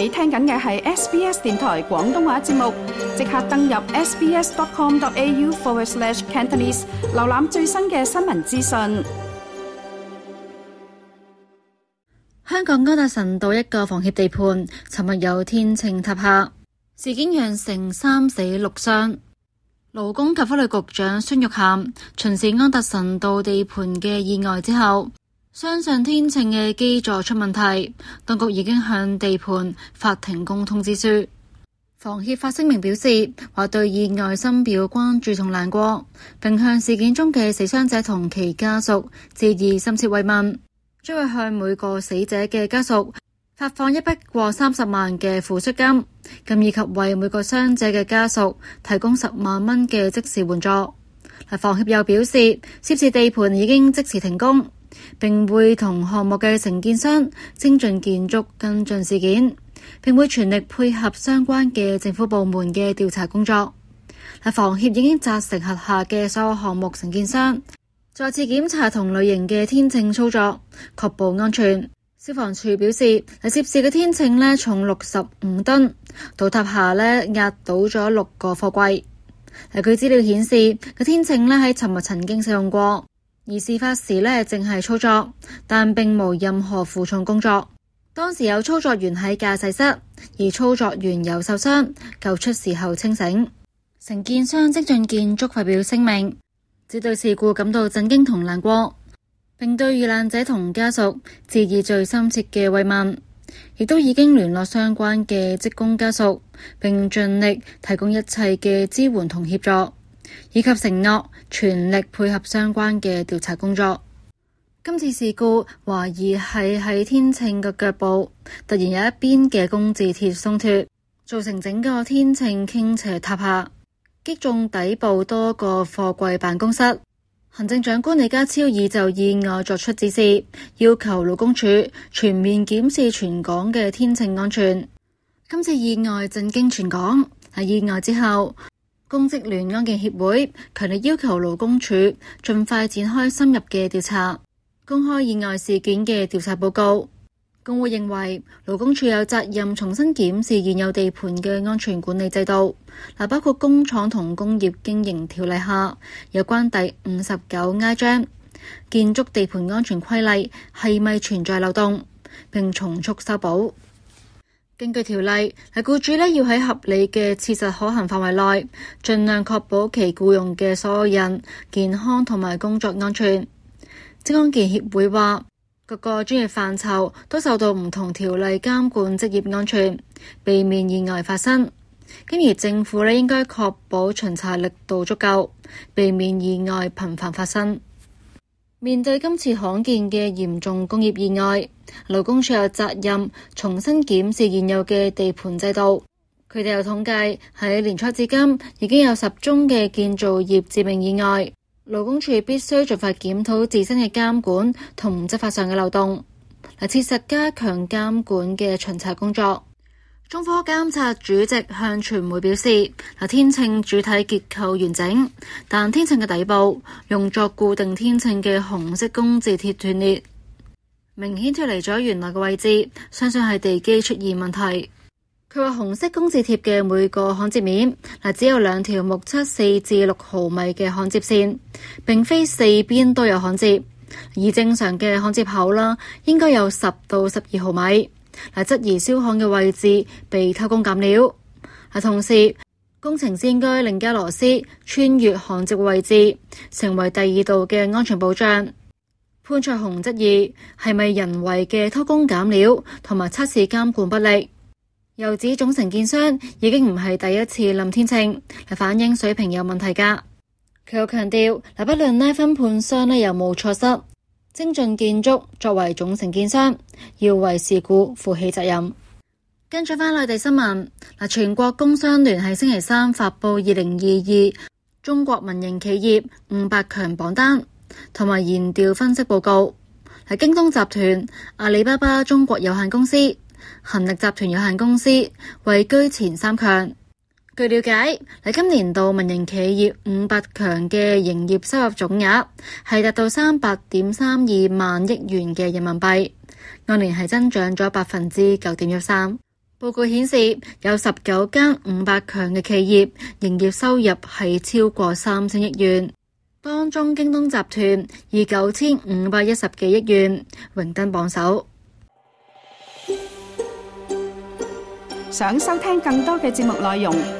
你聽緊嘅係 SBS 電台廣東話節目，即刻登入 sbs.com.au forward slash cantonese，an 瀏覽最新嘅新聞資訊。香港安達臣道一個房協地盤，尋日有天秤塌下，事件釀成三死六傷。勞工及福利局長孫玉菡巡視安達臣道地盤嘅意外之後，相信天秤嘅基座出問題，當局已經向地盤發停工通知書。房協發聲明表示話對意外深表關注同難過，並向事件中嘅死傷者同其家屬致以深切慰問。將會向每個死者嘅家屬發放一筆過三十萬嘅撫恤金，咁以及為每個傷者嘅家屬提供十萬蚊嘅即時援助。房協又表示，涉事地盤已經即時停工。並會同項目嘅承建商精進建築跟進事件，並會全力配合相關嘅政府部門嘅調查工作。係房協已經責成轄下嘅所有項目承建商再次檢查同類型嘅天秤操作，確保安全。消防處表示，係涉事嘅天秤咧重六十五噸，倒塌下咧壓倒咗六個貨櫃。係據資料顯示，個天秤咧喺尋日曾經使用過。而事發時呢，正係操作，但並無任何負重工作。當時有操作員喺駕駛室，而操作員又受傷，救出時後清醒。承建商積駿建築發表聲明，只對事故感到震驚同難過，並對遇難者同家屬致以最深切嘅慰問，亦都已經聯絡相關嘅職工家屬，並盡力提供一切嘅支援同協助。以及承諾全力配合相關嘅調查工作。今次事故懷疑係喺天秤嘅腳部突然有一邊嘅工字鐵鬆脫，造成整個天秤傾斜塌下，擊中底部多個貨櫃辦公室。行政長官李家超已就意外作出指示，要求勞工處全面檢視全港嘅天秤安全。今次意外震驚全港，喺意外之後，公職聯安嘅協會強力要求勞工處盡快展開深入嘅調查，公開意外事件嘅調查報告。工會認為勞工處有責任重新檢視現有地盤嘅安全管理制度，嗱包括工廠同工業經營條例下有關第五十九 A 章建築地盤安全規例係咪存在漏洞，並重速修補。根據條例，係雇主呢，要喺合理嘅切實可行範圍內，盡量確保其雇傭嘅所有人健康同埋工作安全。職安健協會話，各個專業範疇都受到唔同條例監管，職業安全避免意外發生。今而政府呢，應該確保巡查力度足夠，避免意外頻繁發生。面對今次罕見嘅嚴重工業意外，勞工處有責任重新檢視現有嘅地盤制度。佢哋又統計喺年初至今已經有十宗嘅建造業致命意外，勞工處必須盡快檢討自身嘅監管同執法上嘅漏洞，嗱，切實加強監管嘅巡查工作。中科監察主席向傳媒表示，天秤主體結構完整，但天秤嘅底部用作固定天秤嘅紅色工字鐵斷裂，明顯脫離咗原來嘅位置，相信係地基出現問題。佢話紅色工字鐵嘅每個焊接面，只有兩條目測四至六毫米嘅焊接線，並非四邊都有焊接，而正常嘅焊接口啦，應該有十到十二毫米。嗱，質疑燒焊嘅位置被偷工減料，同時工程師應該令螺絲穿越焊接位置，成為第二道嘅安全保障。潘卓雄質疑係咪人為嘅偷工減料同埋測試監管不力，又指總承建商已經唔係第一次臨天秤，係反映水平有問題㗎。佢又強調，嗱，不論呢分判商呢有冇錯失。精進建築作為總承建商，要為事故負起責任。跟住返內地新聞嗱，全國工商聯喺星期三發布二零二二中國民營企業五百強榜單同埋研調分析報告，係京東集團、阿里巴巴中國有限公司、恆力集團有限公司位居前三強。據了解，喺今年度民營企業五百強嘅營業收入總額係達到三百點三二萬億元嘅人民幣，按年係增長咗百分之九點一三。報告顯示，有十九間五百強嘅企業營業收入係超過三千億元，當中京東集團以九千五百一十幾億元榮登榜首。想收聽更多嘅節目內容。